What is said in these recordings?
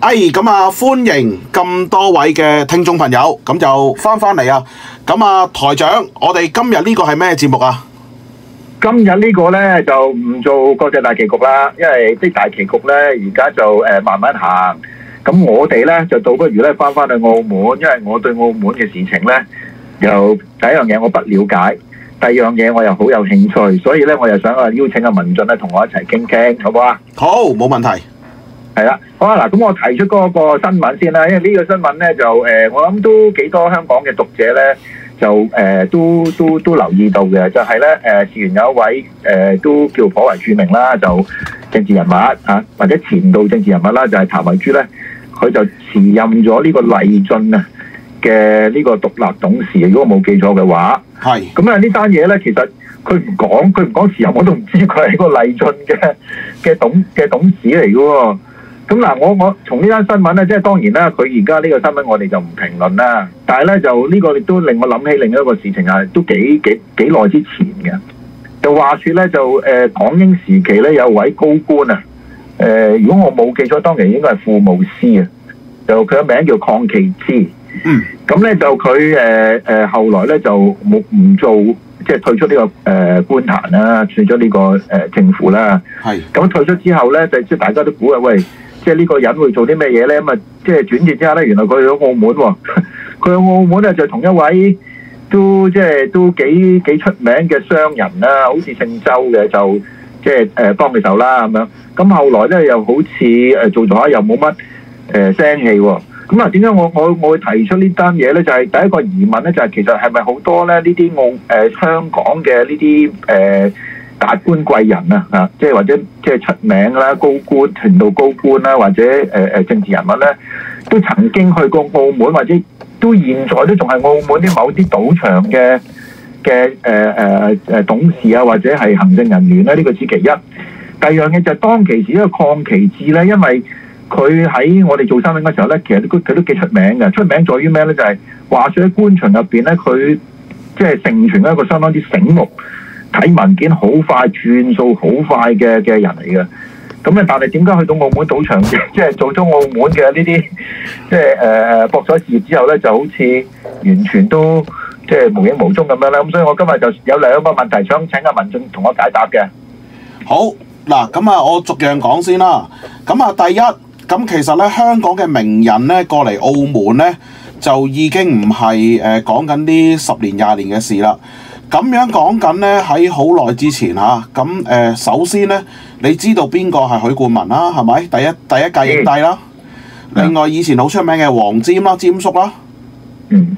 哎，咁啊，歡迎咁多位嘅聽眾朋友，咁就翻返嚟啊！咁啊，台長，我哋今日呢個係咩節目啊？今日呢個呢，就唔做國際大棋局啦，因為啲大棋局呢，而家就誒、呃、慢慢行。咁我哋呢，就倒不如呢翻返去澳門，因為我對澳門嘅事情呢，又第一樣嘢我不了解，第二樣嘢我又好有興趣，所以呢，我又想邀請阿文進咧同我一齊傾傾，好唔好啊？好，冇問題。係啦，好啊，嗱，咁我提出嗰個新聞先啦，因為呢個新聞咧就誒，我諗都幾多香港嘅讀者咧，就誒都都都留意到嘅，就係咧誒，事緣、呃、有一位誒、呃、都叫頗為著名啦，就政治人物嚇、啊、或者前度政治人物啦，就係、是、譚惠珠咧，佢就辭任咗呢個勵駿啊嘅呢個獨立董事，如果我冇記錯嘅話，係是。咁啊，呢單嘢咧，其實佢唔講，佢唔講辭任我都唔知佢係個勵駿嘅嘅董嘅董事嚟嘅喎。咁嗱，我我從呢單新聞咧，即係當然啦，佢而家呢個新聞我哋就唔評論啦。但係咧就呢個亦都令我諗起另一個事情啊，都幾幾幾耐之前嘅。就話說咧，就、呃、港英時期咧有位高官啊，誒、呃、如果我冇記錯，當年應該係庫務司啊。就佢嘅名叫鄺其志。嗯。咁咧就佢誒誒後來咧就冇唔做，即係退出呢、這個誒官壇啦，退出呢個政府啦。咁、呃、是退出之後咧，即大家都估啊，喂！即係呢個人會做啲咩嘢咧？咁啊，即係轉折之下咧，原來佢去咗澳門喎。佢去澳門咧，就同一位都即係都幾幾出名嘅商人啦，好似姓周嘅，就即係誒幫佢手啦咁樣。咁後來咧，又好似誒做咗下，又冇乜誒聲氣喎。咁啊，點解我我我會提出呢單嘢咧？就係第一個疑問咧，就係其實係咪好多咧呢啲澳誒、呃、香港嘅呢啲誒？呃達官貴人啊，即係或者即係出名啦，高官程度高官啦，或者誒誒、呃、政治人物咧，都曾經去過澳門，或者都現在都仲係澳門啲某啲賭場嘅嘅誒誒誒董事啊，或者係行政人員咧，呢、這個係其一。第二樣嘢就係當時其時一個鄺其志咧，因為佢喺我哋做生意嘅時候咧，其實佢佢都幾出名嘅，出名在於咩咧？就係、是、話說喺官場入邊咧，佢即係盛傳一個相當之醒目。睇文件好快，轉數好快嘅嘅人嚟嘅，咁啊！但係點解去到澳門賭場，即係做咗澳門嘅呢啲，即係誒博彩事業之後咧，就好似完全都即係無影無蹤咁樣咧？咁所以我今日就有兩個問題想請阿文進同我解答嘅。好嗱，咁啊，我逐樣講先啦。咁啊，第一，咁其實咧，香港嘅名人咧過嚟澳門咧，就已經唔係誒講緊呢十年廿年嘅事啦。咁樣講緊呢，喺好耐之前嚇，咁誒首先呢，你知道邊個係許冠文啦，係咪？第一第一屆影帝啦。的另外以前好出名嘅黃沾啦、詹叔啦。嗯。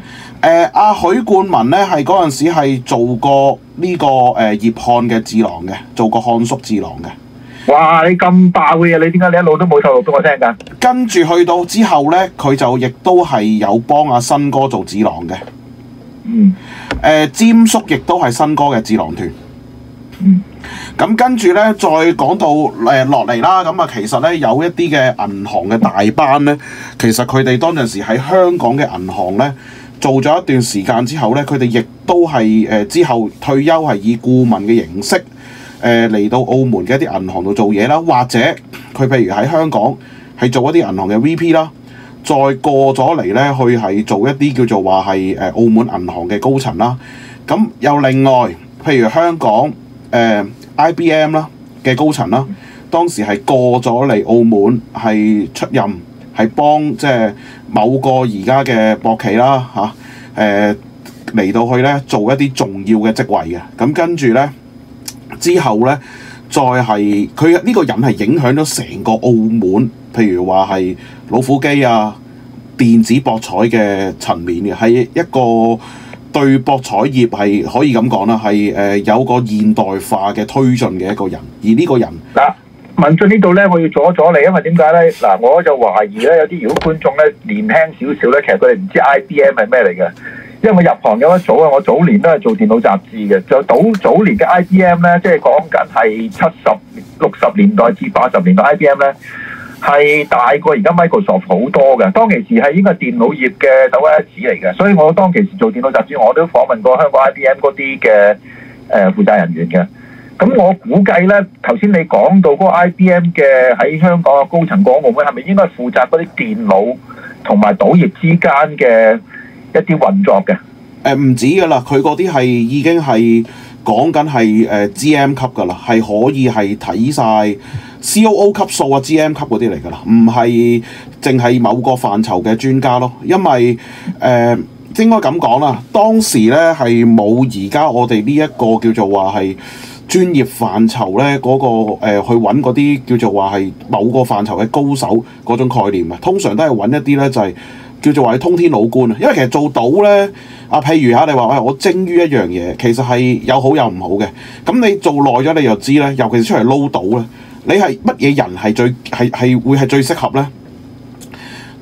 阿許冠文呢，係嗰陣時係做過呢個誒葉漢嘅智囊嘅，做過漢叔智囊嘅。哇！你咁爆嘅嘢，你點解你一路都冇透露俾我聽㗎？跟住去到之後呢，佢就亦都係有幫阿新哥做智囊嘅。嗯。誒詹叔亦都係新歌嘅智囊團，咁、嗯、跟住呢，再講到落嚟、呃、啦，咁啊其實呢，有一啲嘅銀行嘅大班呢，其實佢哋當陣時喺香港嘅銀行呢，做咗一段時間之後呢，佢哋亦都係之後退休係以顧問嘅形式嚟、呃、到澳門嘅一啲銀行度做嘢啦，或者佢譬如喺香港係做一啲銀行嘅 VP 啦。再過咗嚟呢，去係做一啲叫做話係誒澳門銀行嘅高層啦。咁又另外，譬如香港誒 IBM 啦嘅高層啦，當時係過咗嚟澳門係出任係幫即係某個而家嘅博企啦嚇誒嚟到去呢做一啲重要嘅職位嘅。咁跟住呢之後呢，再係佢呢個人係影響咗成個澳門。.譬如話係老虎機啊、電子博彩嘅層面嘅，係一個對博彩業係可以咁講啦，係誒有個現代化嘅推進嘅一個人。而呢個人嗱，文進呢度咧，我要阻咗你，因為點解咧？嗱，我就懷疑咧，有啲如果觀眾咧年輕少少咧，其實佢哋唔知 IBM 係咩嚟嘅。因為入行有一組啊，我早年都係做電腦雜誌嘅，就早早年嘅 IBM 咧，即係講緊係七十六十年代至八十年代 IBM 咧。係大過而家 Microsoft 好多嘅，當其時係應該係電腦業嘅抖 S 嚟嘅，所以我當其時做電腦雜誌，我都訪問過香港 IBM 嗰啲嘅誒、呃、負責人員嘅。咁我估計呢，頭先你講到嗰個 IBM 嘅喺香港嘅高層幹部咧，係咪應該負責嗰啲電腦同埋賭業之間嘅一啲運作嘅？誒唔、呃、止噶啦，佢嗰啲係已經係講緊係誒 GM 級噶啦，係可以係睇晒。C.O.O 級數啊，G.M 級嗰啲嚟㗎啦，唔係淨係某個範疇嘅專家咯。因為誒、呃、應該咁講啦，當時咧係冇而家我哋呢一個叫做話係專業範疇咧嗰、那個、呃、去揾嗰啲叫做話係某個範疇嘅高手嗰種概念啊。通常都係揾一啲咧就係、是、叫做話通天老官啊。因為其實做賭咧啊，譬如嚇你話、哎、我精於一樣嘢，其實係有好有唔好嘅。咁你做耐咗你就知啦，尤其是出嚟撈賭咧。你係乜嘢人係最係係會係最適合呢？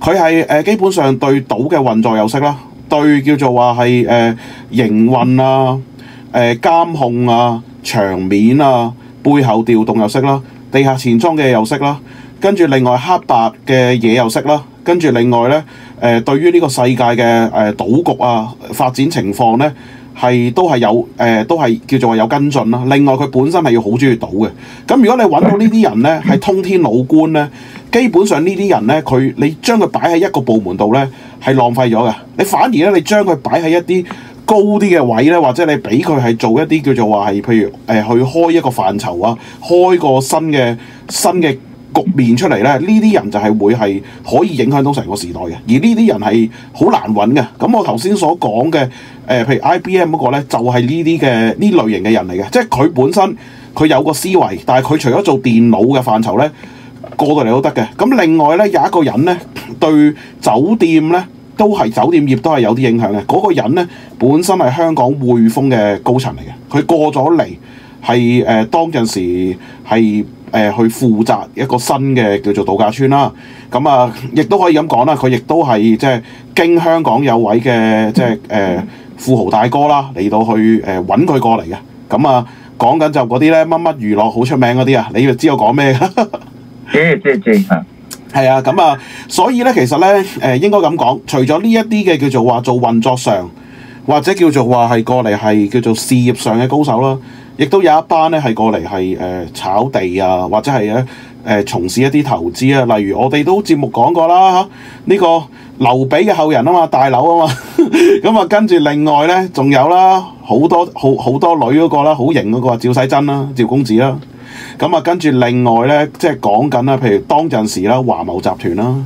佢係誒，基本上對賭嘅運作又識啦，對叫做話係誒營運啊、誒監控啊、場面啊、背後調動又識啦，地下錢莊嘅又識啦，跟住另外黑白嘅嘢又識啦，跟住另外呢，誒、呃、對於呢個世界嘅誒賭局啊發展情況呢。係都係有誒，都係、呃、叫做話有跟進啦。另外佢本身係要好中意賭嘅。咁如果你揾到呢啲人呢，係通天老倌呢，基本上呢啲人呢，佢你將佢擺喺一個部門度呢，係浪費咗嘅。你反而呢，你將佢擺喺一啲高啲嘅位呢，或者你俾佢係做一啲叫做話係，譬如、呃、去開一個範疇啊，開個新嘅新嘅。局面出嚟咧，呢啲人就係會係可以影響到成個時代嘅，而呢啲人係好難揾嘅。咁我頭先所講嘅，呃，譬如 IBM 嗰個呢，就係呢啲嘅呢類型嘅人嚟嘅，即係佢本身佢有個思維，但係佢除咗做電腦嘅範疇呢，過到嚟都得嘅。咁另外呢，有一個人呢，對酒店呢，都係酒店業都係有啲影響嘅。嗰個人呢，本身係香港匯豐嘅高層嚟嘅，佢過咗嚟係誒當陣時係。誒去負責一個新嘅叫做度假村啦，咁啊，亦都可以咁講啦，佢亦都係即係經香港有位嘅即係誒富豪大哥啦嚟到去誒揾佢過嚟嘅，咁啊講緊就嗰啲咧乜乜娛樂好出名嗰啲、 嗯嗯嗯、啊，你又知我講咩？誒即係正啊，係啊，咁啊，所以咧其實咧誒、呃、應該咁講，除咗呢一啲嘅叫做話做運作上，或者叫做話係過嚟係叫做事業上嘅高手啦。亦都有一班咧係過嚟係誒炒地啊，或者係咧誒從事一啲投資啊。例如我哋都節目講過啦，呢、啊呢個劉備嘅後人啊嘛，大劉啊嘛，咁啊、嗯、跟住另外咧仲有啦，好多好好多女嗰、嗰個啦，好型嗰、嗰個趙世珍啦，趙公子啦、啊，咁、嗯、啊跟住另外咧即係講緊啦，譬如當陣時啦華懋集團啦、啊，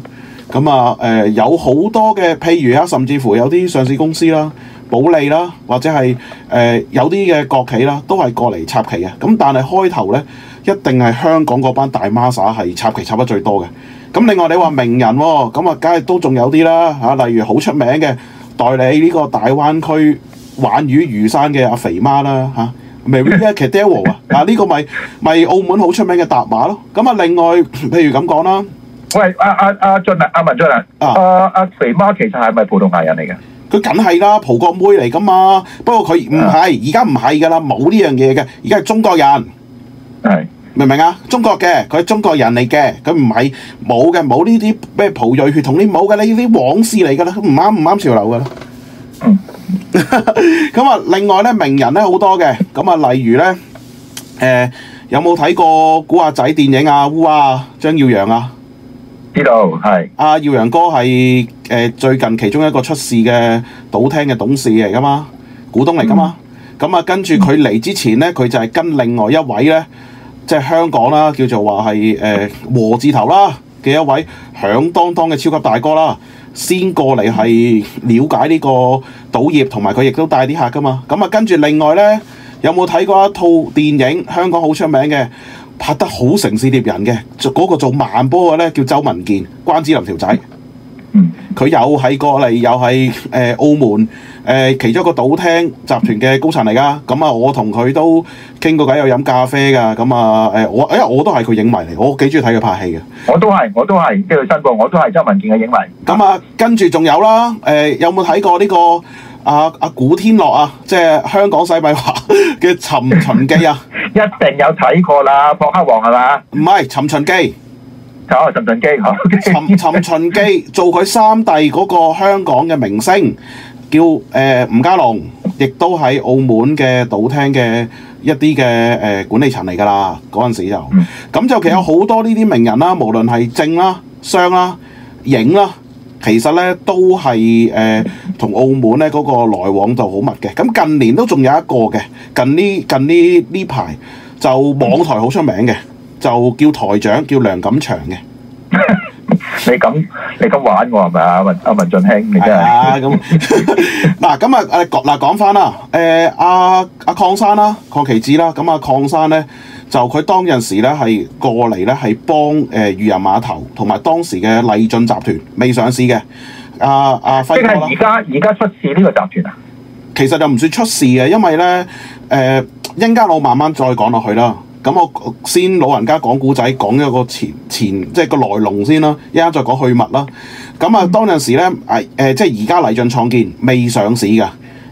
咁、嗯、啊、嗯呃、有好多嘅譬如啊，甚至乎有啲上市公司啦、啊。保利啦，或者係誒、呃、有啲嘅國企啦，都係過嚟插旗嘅。咁但係開頭咧，一定係香港嗰班大孖沙係插旗插得最多嘅。咁另外你話名人喎、哦，咁啊，梗係都仲有啲啦嚇，例如好出名嘅代理呢個大灣區玩魚魚，魚山嘅阿肥媽啦嚇，maybe p e 啊，嗱呢個咪咪澳門好出名嘅達馬咯。咁啊，另外譬如咁講啦，喂阿阿阿進啊，阿文進啊，啊阿、啊啊啊啊啊、肥媽其實係咪葡萄牙人嚟嘅？佢梗係啦，葡國妹嚟噶嘛？不過佢唔係，而家唔係噶啦，冇呢樣嘢嘅，而家係中國人，係、嗯、明唔明啊？中國嘅，佢係中國人嚟嘅，佢唔係冇嘅，冇呢啲咩葡裔血統啲冇嘅呢啲往事嚟噶啦，唔啱唔啱潮流噶啦。咁啊、嗯， 另外咧，名人咧好多嘅，咁啊，例如咧，誒、呃、有冇睇過古惑仔電影啊？烏、呃、啊，張耀揚啊？知道係阿、啊、耀陽哥係、呃、最近其中一個出事嘅賭廳嘅董事嚟噶嘛，股東嚟噶嘛。咁、嗯、啊跟住佢嚟之前呢，佢就係跟另外一位呢，即、就、係、是、香港啦，叫做話係誒和字頭啦嘅一位響噹噹嘅超級大哥啦，先過嚟係了解呢個賭業，同埋佢亦都帶啲客噶嘛。咁啊跟住另外呢，有冇睇過一套電影？香港好出名嘅。拍得好城市獵人嘅，做、那、嗰個做慢波嘅咧叫周文健，關之琳條仔。嗯，佢有喺過嚟，有喺誒澳門誒、呃、其中一個賭廳集團嘅高層嚟噶。咁啊，我同佢都傾過偈，有飲咖啡噶。咁啊，誒我因為我都係佢影迷嚟，我幾中意睇佢拍戲嘅。我都係，我都係，即係新個我都係周文健嘅影迷。咁啊，跟住仲有啦，誒、呃、有冇睇過呢、這個？阿阿、啊啊、古天樂啊，即係香港洗米華嘅《尋秦記》啊、哦，一定有睇過啦，博克王係嘛？唔係《尋秦記》，就《尋秦記》嗬，《尋秦記》做佢三弟嗰個香港嘅明星，叫誒吳、呃、家龍，亦都喺澳門嘅賭廳嘅一啲嘅誒管理層嚟噶啦，嗰陣時就，咁、嗯、就其實有好多呢啲名人啦、啊，嗯、無論係政啦、啊、商啦、啊、影啦、啊。其實咧都係誒同澳門咧嗰個來往就好密嘅，咁近年都仲有一個嘅，近呢近呢呢排就網台好出名嘅，就叫台長叫梁錦祥嘅。 你咁你咁玩我係咪啊？阿阿文，文俊卿，你真係 啊咁。嗱咁啊誒嗱講翻啦，誒阿阿鄺生啦，鄺、啊、其志啦，咁啊鄺、啊、生咧。就佢當陣時咧，係過嚟咧，係幫誒漁人碼頭同埋當時嘅勵駿集團未上市嘅。阿、啊、阿、啊、輝哥即係而家而家出事呢個集團啊？其實就唔算出事嘅，因為咧誒，英、呃、家我慢慢再講落去啦。咁我先老人家，講古仔，講咗個前前即係個來龍先啦，一家再講去脈啦。咁啊，當陣時咧、嗯啊、即係而家勵駿創建未上市㗎，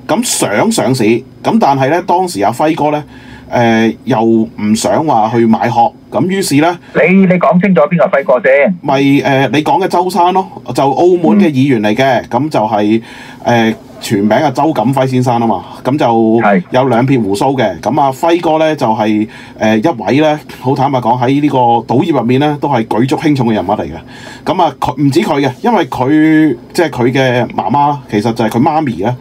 咁想上市，咁但係咧當時阿、啊、輝哥咧。誒、呃、又唔想話去買學，咁於是呢，你你講清楚邊個輝哥先？咪誒、呃、你講嘅周生咯，就澳門嘅議員嚟嘅，咁、嗯、就係、是、誒、呃、全名啊周錦輝先生啊嘛，咁就有兩片鬍鬚嘅，咁啊輝哥呢，就係、是、誒、呃、一位呢，好坦白講喺呢個賭業入面呢，都係舉足輕重嘅人物嚟嘅，咁啊佢唔止佢嘅，因為佢即係佢嘅媽媽其實就係佢媽咪啊。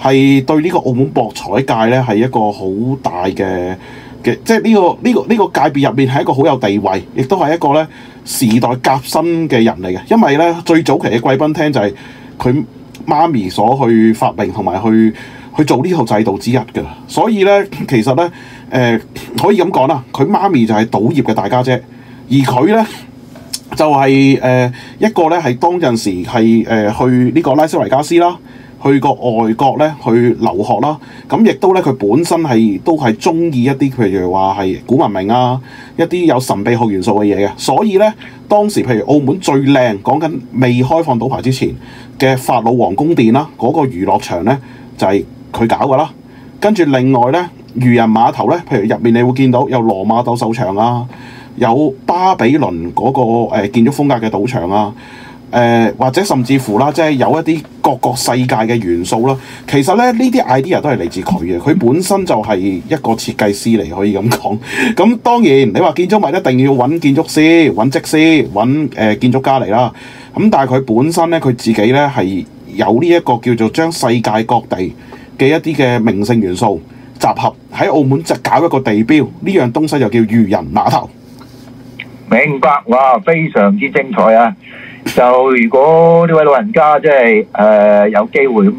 係對呢個澳門博彩界呢，係一個好大嘅嘅，即係、呢、呢個呢、呢個呢、呢個界別入面係一個好有地位，亦都係一個呢時代夾新嘅人嚟嘅。因為呢，最早期嘅貴賓廳就係佢媽咪所去發明同埋去去做呢套制度之一㗎，所以呢，其實呢，誒、呃、可以咁講啦，佢媽咪就係賭業嘅大家姐，而佢呢，就係、係、誒、呃、一個呢，係當陣時係誒、呃、去呢個拉斯維加斯啦。去過外國咧，去留學啦，咁亦都咧，佢本身係都係中意一啲譬如話係古文明啊，一啲有神秘學元素嘅嘢嘅，所以咧當時譬如澳門最靚講緊未開放賭牌之前嘅法老王宮殿啦、啊，嗰、那個娛樂場咧就係、是、佢搞㗎啦，跟住另外咧漁人碼頭咧，譬如入面你會見到有羅馬鬥獸場啊，有巴比倫嗰個建築風格嘅賭場啊。誒、呃、或者甚至乎啦，即係有一啲各個世界嘅元素啦。其實咧，呢啲 idea 都係嚟自佢嘅，佢本身就係一個設計師嚟，可以咁講。咁、嗯、當然你話建築物一定要揾建築師、揾職師、揾、呃、建築家嚟啦。咁、嗯、但係佢本身呢，佢自己呢，係有呢一個叫做將世界各地嘅一啲嘅名勝元素集合喺澳門，就搞一個地標。呢、這、樣、個、東西就叫漁人碼頭。明白哇！非常之精彩啊！就如果呢位老人家，即係誒有機會，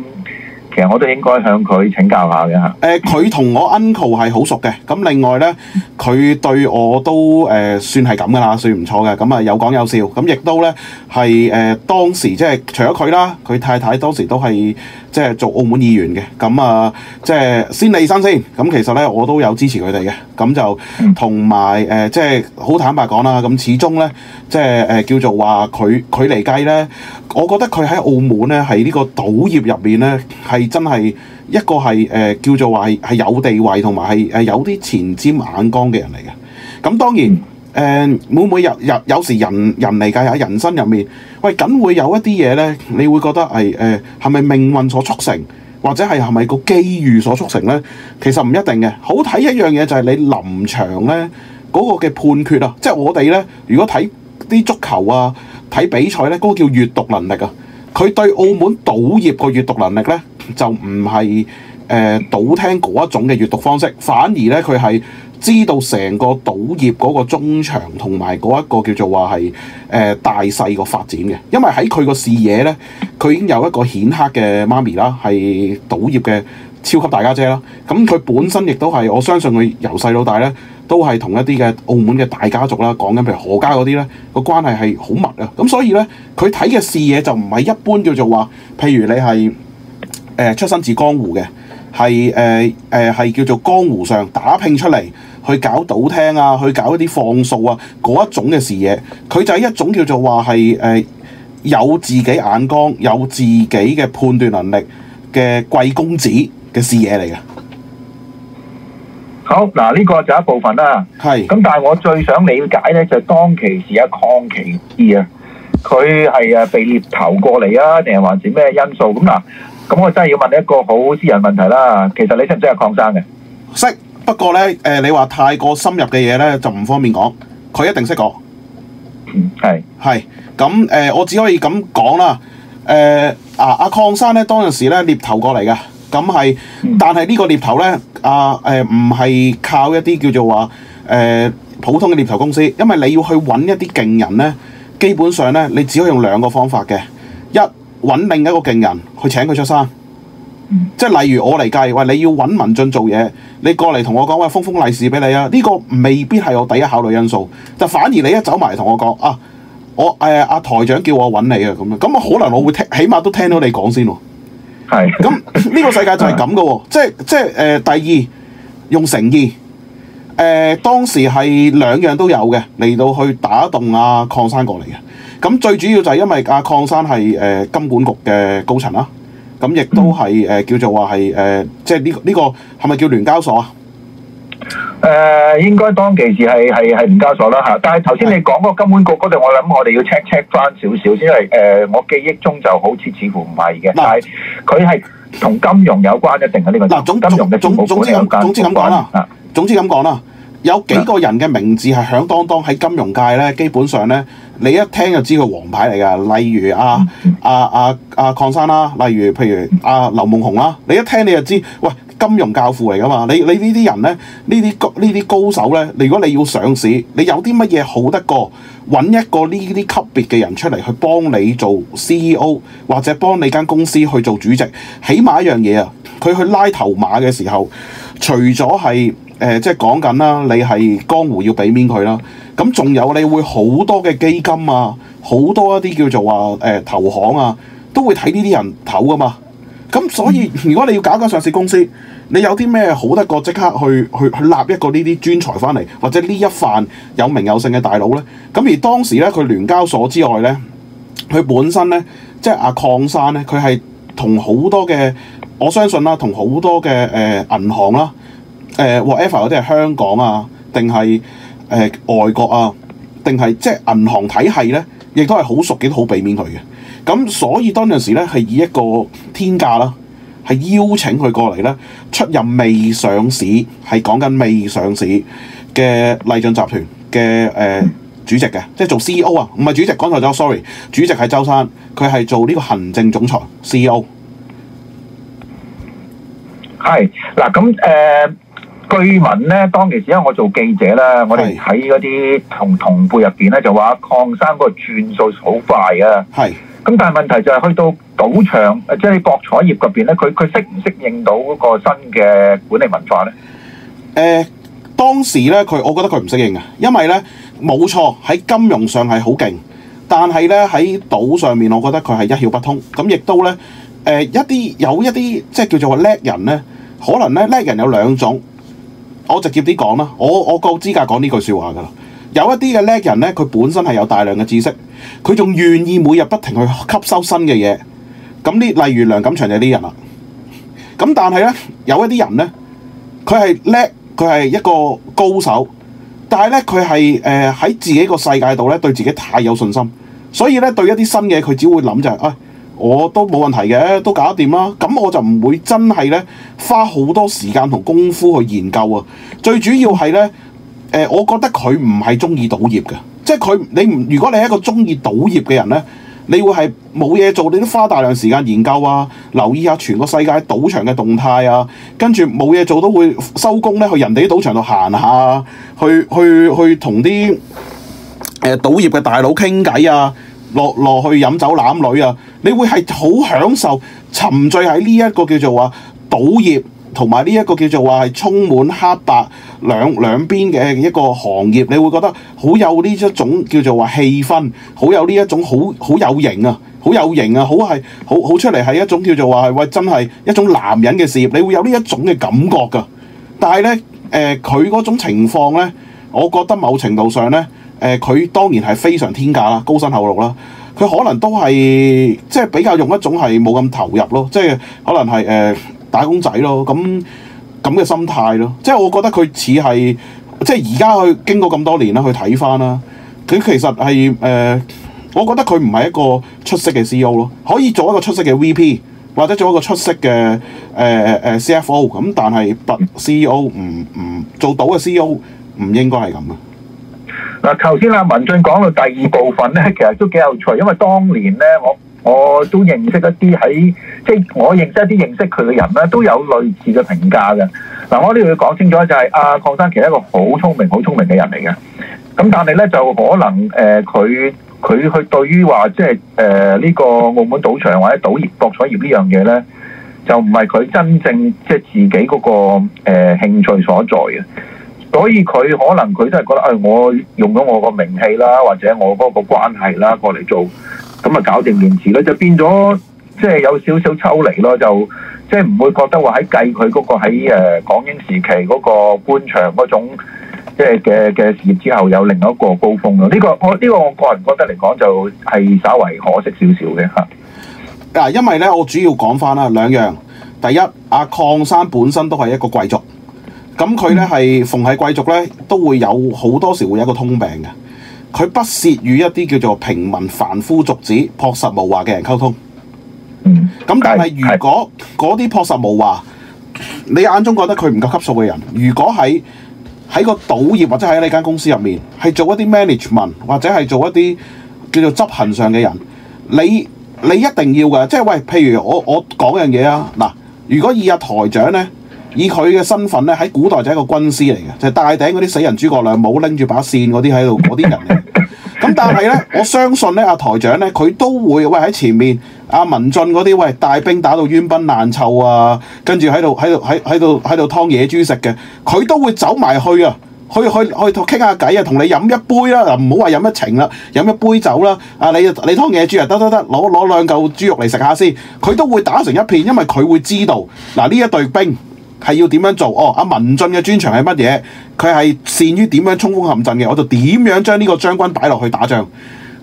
其實我都應該向佢請教下嘅嚇。佢同、呃、我 uncle 係好熟嘅。咁另外咧，佢對我都誒算係咁㗎啦，算唔錯嘅。咁啊、嗯，有講有笑。咁、嗯、亦都咧係誒當時即係除咗佢啦，佢太太當時都係即係做澳門議員嘅。咁、嗯、啊，即係先利生先。咁其實咧，我都有支持佢哋嘅。咁、嗯、就同埋誒即係好坦白講啦。咁始終咧即係誒、呃、叫做話佢佢嚟雞咧，我覺得佢喺澳門咧係呢在這個賭業入面咧係。是你真係一個係誒、呃、叫做話係有地位同埋係誒有啲前瞻眼光嘅人嚟嘅。咁當然誒，每、呃、唔會，會有有時人人嚟計下人生入面，喂，梗會有一啲嘢咧，你會覺得係誒係咪命運所促成，或者係係咪個機遇所促成咧？其實唔一定嘅。好睇一樣嘢就係你臨場咧嗰、嗰個嘅判決啊，即係我哋咧如果睇啲足球啊睇比賽咧，嗰、嗰個叫閱讀能力啊。佢對澳門賭業個閱讀能力呢，就唔係誒賭廳嗰一種嘅閱讀方式，反而呢，佢係知道成個賭業嗰個中場同埋嗰一個叫做話係、呃、大細個發展嘅，因為喺佢個視野呢，佢已經有一個顯赫嘅媽咪啦，係賭業嘅。超級大家姐啦，咁佢本身亦都係我相信佢由細到大咧，都係同一啲嘅澳門嘅大家族啦，講緊譬如何家嗰啲咧，個關係係好密啊。咁所以咧，佢睇嘅視野就唔係一般叫做話，譬如你係、呃、出身自江湖嘅，係、呃呃、係叫做江湖上打拼出嚟去搞賭廳啊，去搞一啲放數啊嗰一種嘅視野，佢就係一種叫做話係、呃、有自己眼光、有自己嘅判斷能力嘅貴公子。嘅事嘢嚟嘅，好嗱，呢個就一部分啦。係咁，但係我最想理解咧，就當其時阿鄺期師啊，佢係啊被獵頭過嚟啊，定係還是咩因素咁嗱？咁我真係要問一個好私人問題啦。其實你識唔識阿鄺生嘅？識。不過咧，誒你話太過深入嘅嘢咧，就唔方便講。佢一定識講，嗯，係係咁誒，我只可以咁講啦。誒啊，阿鄺生咧，當陣時咧，獵頭過嚟嘅。咁係，但係呢個獵頭咧，阿誒唔係靠一啲叫做話誒、呃、普通嘅獵頭公司，因為你要去揾一啲勁人咧，基本上咧你只可以用兩個方法嘅，一揾另一個勁人去請佢出山，嗯、即係例如我嚟計，喂你要揾文進做嘢，你過嚟同我講，我封封利是俾你啊，呢個未必係我第一考慮因素，就反而你一走埋同我講啊，我誒阿、呃、台長叫我揾你啊，咁樣咁啊可能我會聽，起碼都聽到你講先喎。咁呢、 呢個世界就係咁嘅，即係即係、呃、第二用誠意，誒、呃、當時係兩樣都有嘅，嚟到去打動阿、啊、礦山過嚟嘅。咁最主要就係因為阿、啊、礦山係誒、呃、金管局嘅高層啦、啊，咁亦都係、呃、叫做話係、呃、即係呢呢個係咪、呢個、叫聯交所啊？誒、呃、應該當其時係係係唔加索啦，但係頭先你講嗰個金管局嗰度，我諗我哋要 check check 翻少少，因為、呃、我記憶中就好似似乎唔係嘅。嗱那，佢係同金融有關一定嘅呢、這個。嗱總，總總總關總之咁總之咁講啦。之咁啦。有幾個人嘅名字係響當當喺金融界咧，基本上咧，你一聽就知佢黃牌嚟噶。例如啊啊啊、嗯、啊，鄺生啦，例如譬如啊，嗯、劉夢紅啦、啊，你一聽你就知喂。金融教父嚟噶嘛？你你這些呢啲人呢，呢啲呢啲高手呢？你如果你要上市，你有啲乜嘢好得過？揾一個呢啲級別嘅人出嚟去幫你做 CEO 或者幫你間公司去做主席，起碼一樣嘢啊，佢去拉頭馬嘅時候，除咗係誒即係講緊啦，你係江湖要俾面佢啦，咁仲有你會好多嘅基金啊，好多一啲叫做話誒、呃、投行啊，都會睇呢啲人投噶嘛。咁所以如果你要搞個上市公司，你有啲咩好得過，即刻去去去立一個呢啲專才翻嚟，或者呢一範有名有姓嘅大佬呢。咁而當時呢，佢聯交所之外呢，佢本身呢，即係阿礦山呢，佢係同好多嘅，我相信啦，同好多嘅誒、呃、銀行啦，誒、呃、whatever 啲係香港啊，定係誒外國啊，定係即係銀行體系呢，亦都係好熟嘅，好避免佢嘅。咁所以當陣時咧，係以一個天價啦，係邀請佢過嚟咧出任未上市，係講緊未上市嘅勵駿集團嘅誒、呃、主席嘅，即係做 CEO 啊，唔係主席。講錯咗 sorry，主席係周生，佢係做呢個行政總裁 CEO。係嗱咁誒，據聞咧當其時，因為我做記者啦，我哋喺嗰啲同同輩入邊咧就話，礦山嗰個轉數好快啊。係。咁但係問題就係去到賭場，誒即係博彩業嗰邊咧，佢佢適唔適應到嗰個新嘅管理文化咧？誒，當時咧，佢我覺得佢唔適應啊，因為咧冇錯喺金融上係好勁，但係咧喺賭上面，我覺得佢係一竅不通。咁亦都咧，誒一啲有一啲即係叫做叻人咧，可能咧叻人有兩種，我直接啲講啦，我我夠資格講呢句說話噶。有一啲嘅叻人呢，佢本身係有大量嘅知識，佢仲願意每日不停去吸收新嘅嘢。咁呢，例如梁錦祥就係呢啲人啦。咁但係呢，有一啲人呢，佢係叻，佢係一個高手，但係呢，佢係誒喺自己個世界度呢，對自己太有信心，所以呢，對一啲新嘅佢只會諗就係啊，哎，我都冇問題嘅，都搞得掂啦。咁我就唔會真係呢，花好多時間同功夫去研究啊。最主要係呢。呃，我覺得佢唔係中意賭業嘅，即係佢你唔如果你係一個中意賭業嘅人呢，你會係冇嘢做，你都花大量時間研究啊，留意下全個世界賭場嘅動態啊，跟住冇嘢做都會收工呢，去人哋啲賭場度行下，去去去同啲誒賭業嘅大佬傾偈啊，落落去飲酒攬女啊，你會係好享受沉醉喺呢一個叫做話賭業。同埋呢一個叫做話係充滿黑白兩兩邊嘅一個行業，你會覺得好有呢一種叫做話氣氛，好有呢一種好好有型啊，好有型啊，好係好好出嚟係一種叫做話係喂，真係一種男人嘅事業，你會有呢一種嘅感覺噶。但係呢，佢、呃、嗰種情況呢，我覺得某程度上呢，誒、呃、佢當然係非常天價啦，高薪厚祿啦，佢可能都係即係比較用一種係冇咁投入咯，即係可能係誒。呃打工仔咯，咁咁嘅心態咯，即係我覺得佢似係即係而家去經過咁多年啦，去睇返啦，佢其實係誒、呃，我覺得佢唔係一個出色嘅 CEO 咯，可以做一個出色嘅 VP 或者做一個出色嘅誒誒 CFO 咁，呃呃、FO，但係 CEO 唔唔做到嘅 CEO 唔應該係咁嘅。嗱，頭先阿文進講到第二部分咧，其實都幾有趣，因為當年咧我。我都認識一啲喺即係我認識一啲認識佢嘅人咧，都有類似嘅評價嘅。嗱，我呢度要講清楚就係阿鄺生，其實係一個好聰明、好聰明嘅人嚟嘅。咁但係咧就可能誒佢佢佢對於話即係誒呢個澳門賭場或者賭業博彩業呢樣嘢咧，就唔係佢真正即係自己嗰、那個誒、呃、興趣所在嘅。所以佢可能佢都係覺得誒、哎，我用咗我個名氣啦，或者我嗰個關係啦，過嚟做。咁啊，就搞掂。廉恥咯，就變咗即係有少少抽離咯，就即係唔會覺得話喺計佢嗰、那個喺誒港英時期嗰個官場嗰種即係嘅嘅事業之後有另一個高峰咯。呢、這個我呢、這個我個人覺得嚟講就係稍為可惜少少嘅嚇。嗱，因為咧，我主要講翻啦兩樣。第一，阿礦山本身都係一個貴族，咁佢咧係逢喺貴族咧都會有好多時候會有一個通病嘅。佢不屑與一啲叫做平民凡夫俗子、樸實無華嘅人溝通。嗯，咁但係如果嗰啲樸實無華，你眼中覺得佢唔夠級數嘅人，如果喺喺個賭業或者喺呢間公司入面係做一啲 management 或者係做一啲叫做執行上嘅人，你你一定要嘅。即係喂，譬如我我講樣嘢啊，嗱，如果以日台長呢。以佢嘅身份咧，喺古代就係個軍師嚟嘅，就戴、是、頂嗰啲死人諸葛亮冇拎住把扇嗰啲喺度嗰啲人。嚟、嗯。咁但係咧，我相信咧，阿、啊、台長咧，佢都會喂喺前面阿、啊、文俊嗰啲喂帶兵打到冤崩爛臭啊，跟住喺度喺度喺喺度喺度劏野豬食嘅，佢都會走埋去啊，去去去傾下偈啊，同你飲一杯啦，嗱唔好話飲一程啦，飲一杯酒啦。啊，你你劏野豬啊，得得得，攞攞兩嚿豬肉嚟食下先。佢都會打成一片，因為佢會知道嗱呢、啊、一隊兵。係要點樣做？哦，阿文進嘅專長係乜嘢？佢係善於點樣衝鋒陷陣嘅，我就點樣將呢個將軍擺落去打仗。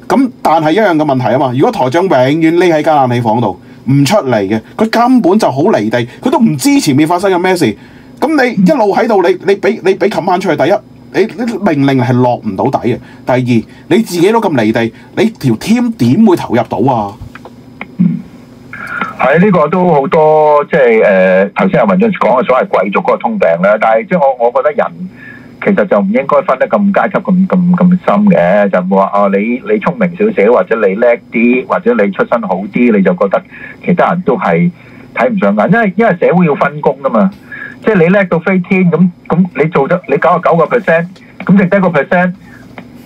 咁但係一樣嘅問題啊嘛，如果台長永遠匿喺間冷氣房度唔出嚟嘅，佢根本就好離地，佢都唔知前面發生緊咩事。咁你一路喺度，你你俾你俾冚返出去，第一，你命令係落唔到底嘅；第二，你自己都咁離地，你條 team 點會投入到啊？係呢個都好多即係誒，頭先阿文進講嘅所謂貴族嗰個通病啦。但係即係我我覺得人其實就唔應該分得咁階級咁咁咁深嘅，就唔會話啊，你你聰明少少，或者你叻啲，或者你出身好啲，你就覺得其他人都係睇唔上眼。因為因為社會要分工噶嘛，即係你叻到飛天咁咁，你做得你九十九個 percent，咁剩低一個 percent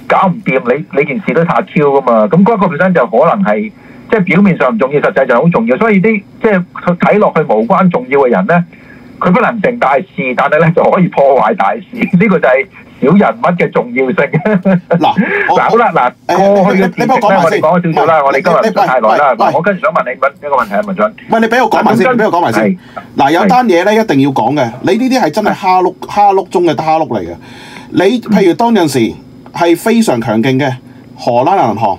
搞唔掂，你你件事都太 Q 噶嘛。咁嗰個 percent 就可能係。即係表面上唔重要，實際上好重要，所以啲即係佢睇落去無關重要嘅人咧，佢不能成大事，但係咧就可以破壞大事。呢個就係小人物嘅重要性。嗱嗱好啦，嗱過去嘅事情我哋講咗少少啦，我哋今日唔太耐啦。嗱，我跟住想問你問一個問題，文俊。喂，你俾我講埋先，俾我講埋先。嗱，有單嘢咧一定要講嘅，你呢啲係真係蝦碌蝦碌中嘅蝦碌嚟嘅。你譬如當陣時係非常強勁嘅荷蘭銀行、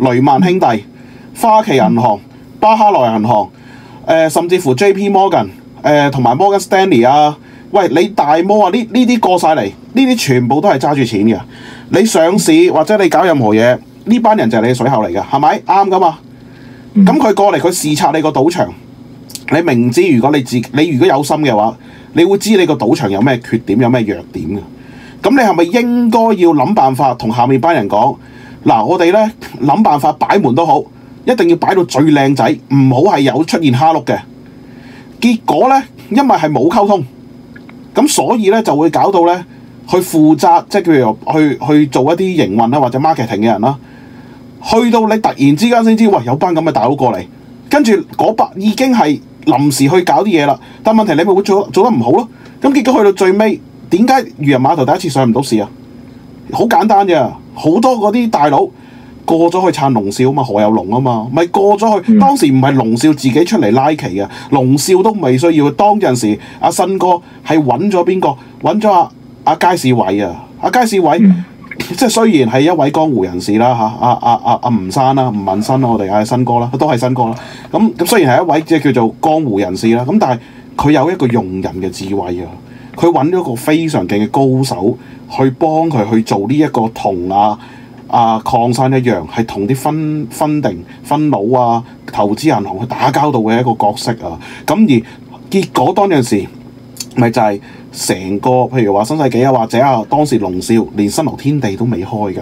雷曼兄弟。花旗銀行、巴哈萊銀行，誒、呃、甚至乎 J.P. Morgan，誒同埋摩根 Stanley 啊，餵你大摩啊，呢呢啲過晒嚟，呢啲全部都係揸住錢嘅。你上市或者你搞任何嘢，呢班人就係你嘅水喉嚟嘅，係咪啱噶嘛？咁佢、嗯、過嚟佢視察你個賭場，你明知如果你自你如果有心嘅話，你會知道你個賭場有咩缺點，有咩弱點嘅。咁你係咪應該要諗辦法同下面班人講嗱？我哋咧諗辦法擺門都好。一定要擺到最靚仔，唔好係有出現蝦碌嘅。結果呢，因為係冇溝通，咁所以呢就會搞到呢去負責即係譬如去去做一啲營運啦、啊、或者 marketing 嘅人啦、啊，去到你突然之間先知，喂有班咁嘅大佬過嚟，跟住嗰班已經係臨時去搞啲嘢啦。但問題你咪會做做得唔好咯、啊。咁結果去到最尾，點解漁人碼頭第一次上唔到市啊？好簡單啫，好多嗰啲大佬。過咗去撐龍少啊嘛，何有龍啊嘛，咪過咗去。嗯、當時唔係龍少自己出嚟拉旗嘅，龍少都未需要。當陣時、啊，阿新哥係揾咗邊個？揾咗阿阿街市偉啊，阿、啊、街市偉，嗯、即係雖然係一位江湖人士啦吓，阿阿阿阿吳生啦、啊，吳文新啦、啊，我哋嗌新哥啦，都係新哥啦。咁、嗯、咁、嗯、雖然係一位即係叫做江湖人士啦，咁、嗯、但係佢有一個用人嘅智慧啊，佢揾咗個非常勁嘅高手去幫佢去做呢一個同啊。啊！礦山一樣係同啲分分定分攤啊，投資銀行去打交道嘅一個角色啊。咁、啊、而結果當陣時，咪就係、是、成個譬如話新世紀啊，或者啊，當時龍少連新濠天地都未開㗎，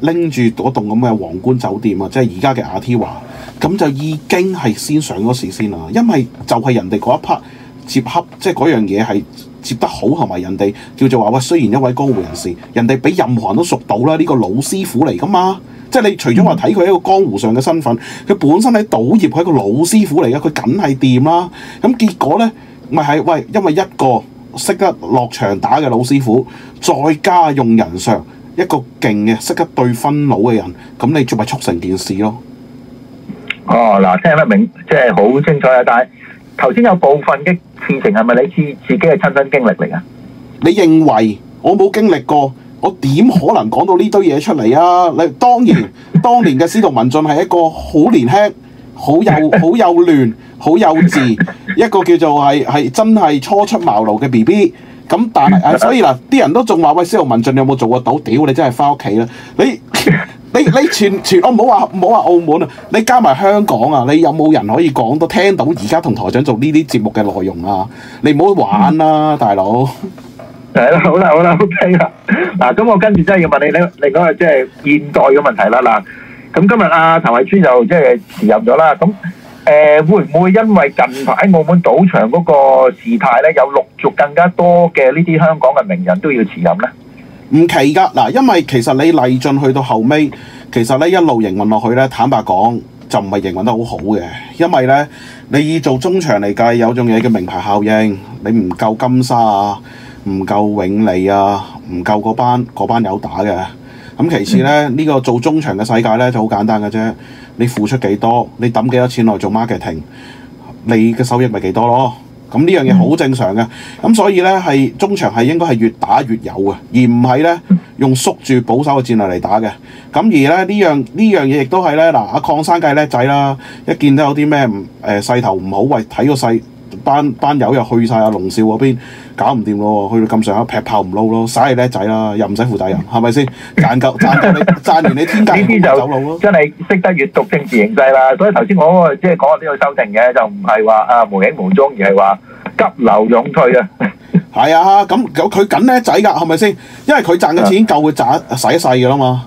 拎住嗰棟咁嘅皇冠酒店啊，即係而家嘅亞體華，咁就已經係先上咗市先啦。因為就係人哋嗰一 part 接洽，即係嗰樣嘢係。接得好係咪？人哋叫做話喂，雖然一位江湖人士，人哋俾任何人都熟到啦，呢個老師傅嚟噶嘛。即係你除咗話睇佢一個江湖上嘅身份，佢本身喺賭業係一個老師傅嚟嘅，佢梗係掂啦。咁結果呢，咪係喂，因為一個識得落場打嘅老師傅，再加用人上一個勁嘅識得對分佬嘅人，咁你做咪促成件事咯？哦，嗱，聽得明，即係好清楚啊，但係。頭先有部分嘅事情係咪你自自己嘅親身經歷嚟啊？你認為我冇經歷過，我點可能講到呢堆嘢出嚟啊？你當然， 當年嘅司徒文進係一個好年輕、好幼、好幼嫩、好 幼稚 一個叫做係係真係初出茅廬嘅 B B。咁但係所以嗱，啲 人都仲話喂司徒文進有冇做過賭？屌你真係返屋企啦！你。 你你全全我唔好話唔好話澳門啊，你加埋香港啊，你有冇人可以講到聽到而家同台長做呢啲節目嘅內容啊？你唔好玩啦，大佬。係啦，好啦，好啦，OK 啦。嗱，咁我跟住真係要問你咧，你講下即係現代嘅問題啦。嗱，咁今日阿譚惠珠就即係辭任咗啦。咁誒，會唔會因為近排澳門賭場嗰個事態咧，有陸續更加多嘅呢啲香港嘅名人都要辭任咧？唔奇噶，嗱，因為其實你勵進去到後尾，其實咧一路營運落去咧，坦白講就唔係營運得好好嘅，因為咧你以做中場嚟計，有種嘢叫名牌效應，你唔夠金沙啊，唔夠永利啊，唔夠嗰班嗰班友打嘅。咁其次咧，呢個做中場嘅世界咧就好簡單嘅啫，你付出幾多，你抌幾多錢落去做 marketing，你嘅收益咪幾多咯？咁呢樣嘢好正常嘅，咁所以呢，係中場係應該係越打越有嘅，而唔係呢，用縮住保守嘅戰略嚟打嘅。咁而呢樣呢樣嘢亦都係呢，嗱、啊、阿礦山計叻仔啦，一見到有啲咩唔誒勢頭唔好，為睇個勢。班班友又去晒阿龍少嗰邊，搞唔掂咯，去到咁上下劈炮唔撈咯，使你叻仔啦，又唔使負責任，係咪先？賺夠賺夠你 賺完你點解唔走路咯？真係識得閲讀政治形勢啦，所以頭先我即係講下呢個收成嘅，就唔係話啊無影無蹤，而係話急流勇退啊。係 啊，咁佢佢梗叻仔㗎，係咪先？因為佢賺嘅錢 夠佢賺使一世㗎啦嘛。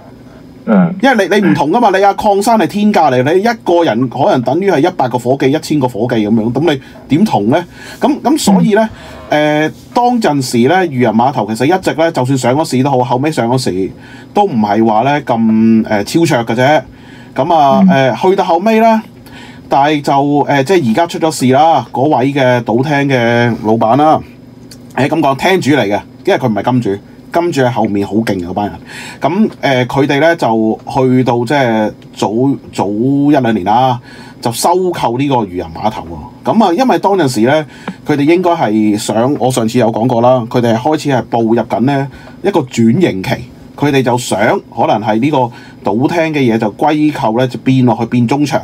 因為你你唔同噶嘛，你阿、啊、礦山係天價嚟，你一個人可能等於係一百個伙計、一千個伙計咁樣，咁你點同呢？咁咁所以呢，誒、呃、當陣時呢，漁人碼頭其實一直呢，就算上咗市都好，後尾上咗市都唔係話呢咁誒、呃、超卓嘅啫。咁啊誒、嗯呃、去到後尾咧，但係就誒、呃、即係而家出咗事啦，嗰位嘅賭廳嘅老闆啦、啊，誒咁講廳主嚟嘅，因為佢唔係金主。跟住喺後面好勁嗰班人，咁誒佢哋咧就去到即係早早一兩年啦，就收購呢個漁人碼頭喎。咁啊，因為當陣時咧，佢哋應該係想，我上次有講過啦，佢哋係開始係步入緊咧一個轉型期，佢哋就想可能係呢個。賭廳嘅嘢就歸購咧，就變落去變中場，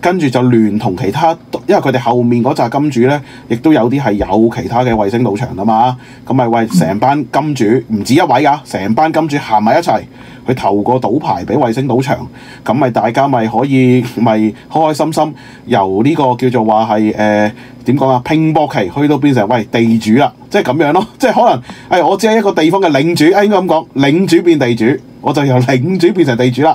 跟住就聯同其他，因為佢哋後面嗰扎金主咧，亦都有啲係有其他嘅衛星賭場啊嘛，咁咪喂，成班金主唔止一位啊，成班金主行埋一齊，佢投個賭牌俾衛星賭場，咁咪大家咪可以咪開開心心，由呢個叫做話係誒點講啊，拼搏期去到變成喂地主喇，即係咁樣咯，即係可能誒、哎、我只係一個地方嘅領主，誒應該咁講，領主變地主。我就由領主變成地主啦，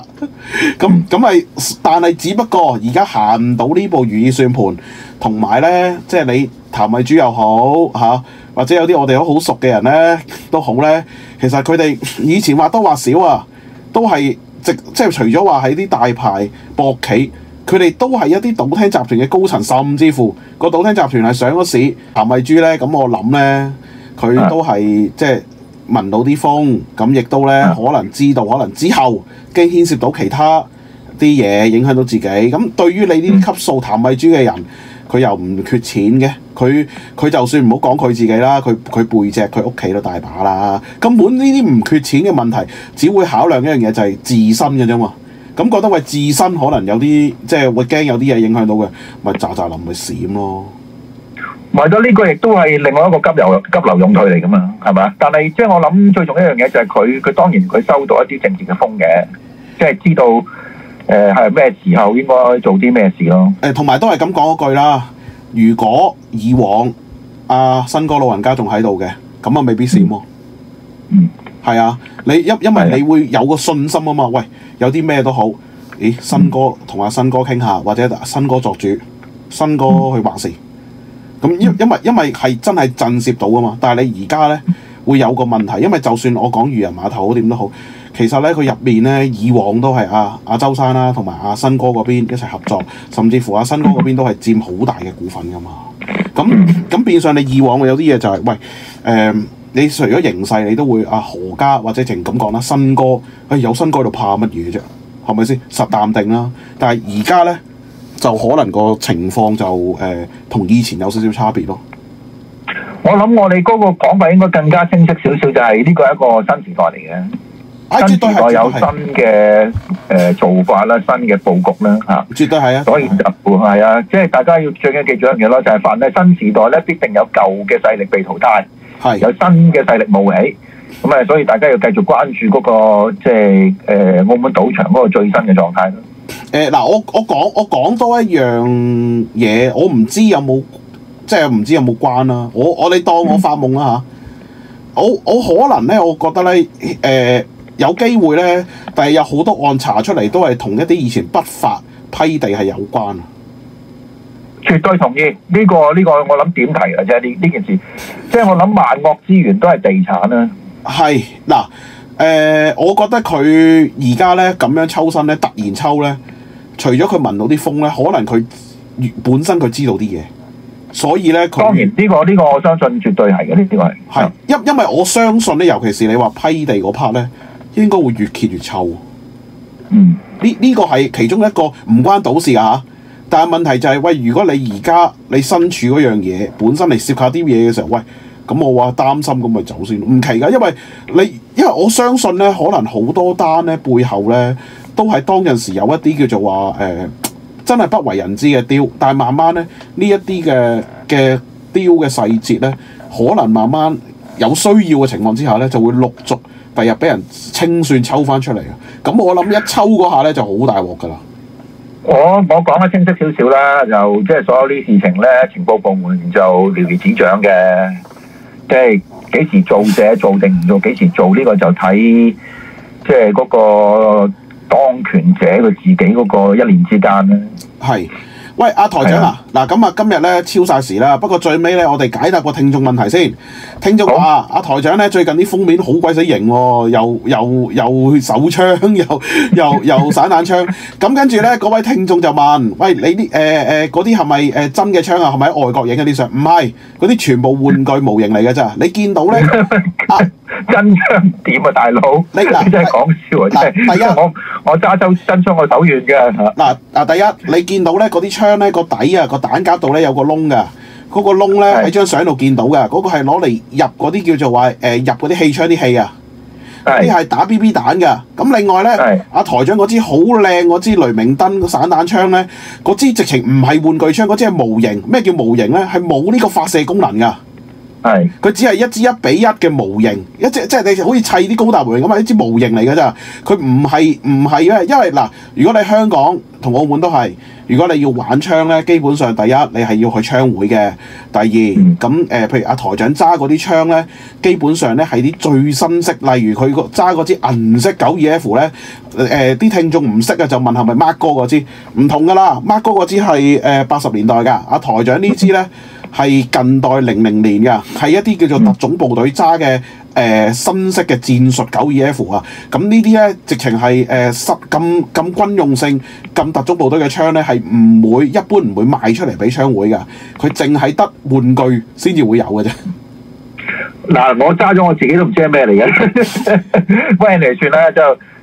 咁咁係，但係只不過而家行唔到呢部如意算盤，同埋咧，即、就、係、是、你譚惠珠又好嚇、啊，或者有啲我哋都好熟嘅人咧，都好咧，其實佢哋以前或多或少啊，都係直即係、就是、除咗話喺啲大牌博企，佢哋都係一啲賭廳集團嘅高層，甚至乎個賭廳集團係上咗市，譚惠珠咧，咁我諗咧佢都係即係。就是聞到啲風，咁亦都咧可能知道，可能之後驚牽涉到其他啲嘢影響到自己。咁對於你呢啲級數譚惠珠嘅人，佢又唔缺錢嘅，佢佢就算唔好講佢自己啦，佢佢背脊佢屋企都大把啦。根本呢啲唔缺錢嘅問題，只會考量一樣嘢就係自身嘅啫嘛。咁覺得喂自身可能有啲即係會驚有啲嘢影響到嘅，咪咋咋淋咪閃咯。埋咗呢個，亦都係另外一個急流急流勇退嚟㗎嘛，係咪？但係即係我諗最重要一樣嘢就係佢，佢當然佢收到一啲政治嘅風嘅，即係知道誒係咩時候應該做啲咩事咯。誒，同埋都係咁講一句啦。如果以往阿新哥老人家仲喺度嘅，咁啊未必閃喎。嗯，係啊，你因因為你會有個信心啊嘛。喂，有啲咩都好，咦？新哥同阿新哥傾下，或者新哥作主，新哥去話事。咁因因為因為係真係震懾到啊嘛，但係你而家咧會有個問題，因為就算我講漁人碼頭點都好，其實咧佢入面咧以往都係阿阿周生啦、啊，同埋阿新哥嗰邊一齊合作，甚至乎阿、啊、新哥嗰邊都係佔好大嘅股份噶嘛。咁、嗯、咁變相你以往有啲嘢就係、是、喂誒、呃，你除咗形勢，你都會阿、啊、何家或者情咁講啦，新哥，哎、有新哥喺度怕乜嘢啫？係咪先？實淡定啦，但係而家咧。就可能個情況就誒，同以前有少少差別咯。我諗我哋嗰個講法應該更加清晰少少，就係呢個係一個新時代嚟嘅。新時代有新嘅誒做法啦，新嘅布局啦，吓。絕對係啊！所以就係啊，即係大家要最緊記住一樣嘢咯，就係凡係新時代咧，必定有舊嘅勢力被淘汰，係有新嘅勢力冒起。咁啊，所以大家要繼續關注嗰個即係誒澳門賭場嗰個最新嘅狀態。誒，嗱、呃，我我講我講多一樣嘢，我唔知有冇，即係唔知有冇關啦、啊。我我你當我發夢啦，吓、嗯，我我可能咧，我覺得咧，誒、呃，有機會咧，但係有好多案查出嚟都係同一啲以前不法批地係有關啊。絕對同意呢個呢個，這個、我諗點提啊，啫、就是，呢呢件事，即、就、係、是、我諗萬惡之源都係地產咧、啊。係嗱。誒、呃，我覺得佢而家咧咁樣抽身咧，突然抽咧，除咗佢聞到啲風咧，可能佢本身佢知道啲嘢，所以咧佢當然呢、這個呢、這個我相信絕對係嘅，呢啲係係因因為我相信咧，尤其是你話批地嗰 part 咧，應該會越揭越臭。嗯，呢呢、這個係其中一個唔關賭事啊。但係問題就係、是、喂，如果你而家你身處嗰樣嘢，本身你涉及啲嘢嘅時候，喂。咁我話擔心就，咁咪走先唔奇噶，因為你，因為我相信咧，可能好多單咧背後咧，都係當陣時有一啲叫做話誒、呃，真係不為人知嘅雕，但係慢慢咧呢一啲嘅嘅丟嘅細節咧，可能慢慢有需要嘅情況之下咧，就會陸續第日俾人清算抽翻出嚟啊！咁我諗一抽嗰下咧就好大鑊噶啦。我我講得清晰少少啦，就即係、就係、所有啲事情咧，情報部門就了如指掌嘅。即係幾時做者做定唔做，幾時做呢個就睇，即係嗰個當權者佢自己嗰個一年之間啦。係。喂，阿台長啊，嗱咁啊，今日咧超晒時啦。不過最尾咧，我哋解答個聽眾問題先。聽眾話：阿台長咧，最近啲封面好鬼死型，又又又手槍，又又又散彈槍。咁跟住咧，嗰位聽眾就問：喂，你啲誒誒嗰啲係咪誒真嘅槍啊？係咪喺外國影嗰啲相？唔係，嗰啲全部玩具模型嚟嘅咋。你見到咧？真槍點啊，大佬？你真係講笑啊！真係，我我加州真槍我手軟嘅嗱嗱，第一你見到咧嗰啲槍。槍咧個底啊、那個彈夾度咧有個窿噶，嗰個窿咧喺張相度見到噶，嗰、那個係攞嚟入嗰啲叫做話誒、呃、入嗰啲氣槍啲氣啊，啲係的打 B B 彈噶。咁另外咧，阿的、啊、台長嗰支好靚嗰支雷明登散彈槍咧，嗰支直情唔係玩具槍，嗰支係模型。咩叫模型咧？係冇呢個發射功能噶。係，佢只係一支一比一嘅模型，一隻即係、就是、你好似砌啲高達模型咁啊，一支模型嚟嘅咋，佢唔係唔係因為嗱，如果你在香港同澳門都係，如果你要玩槍咧，基本上第一你係要去槍會嘅，第二咁誒、呃，譬如阿台長揸嗰啲槍咧，基本上咧係啲最新式，例如佢揸嗰支銀色九二 F 咧，誒、呃、啲聽眾唔識啊，就問係咪 Mark 哥嗰支？唔同㗎啦，Mark 哥嗰支係誒八十年代㗎，阿台長呢支咧。 係近代零零年嘅，係一啲叫做特種部隊揸嘅誒新式嘅戰術九二 F 啊，咁、啊、呢啲咧直情係誒十咁咁軍用性咁特種部隊嘅槍咧，係唔會一般唔會賣出嚟俾槍會噶，佢淨係得玩具先至會有嘅啫。嗱，我揸咗我自己都唔知係咩嚟嘅，威 嚟算啦就。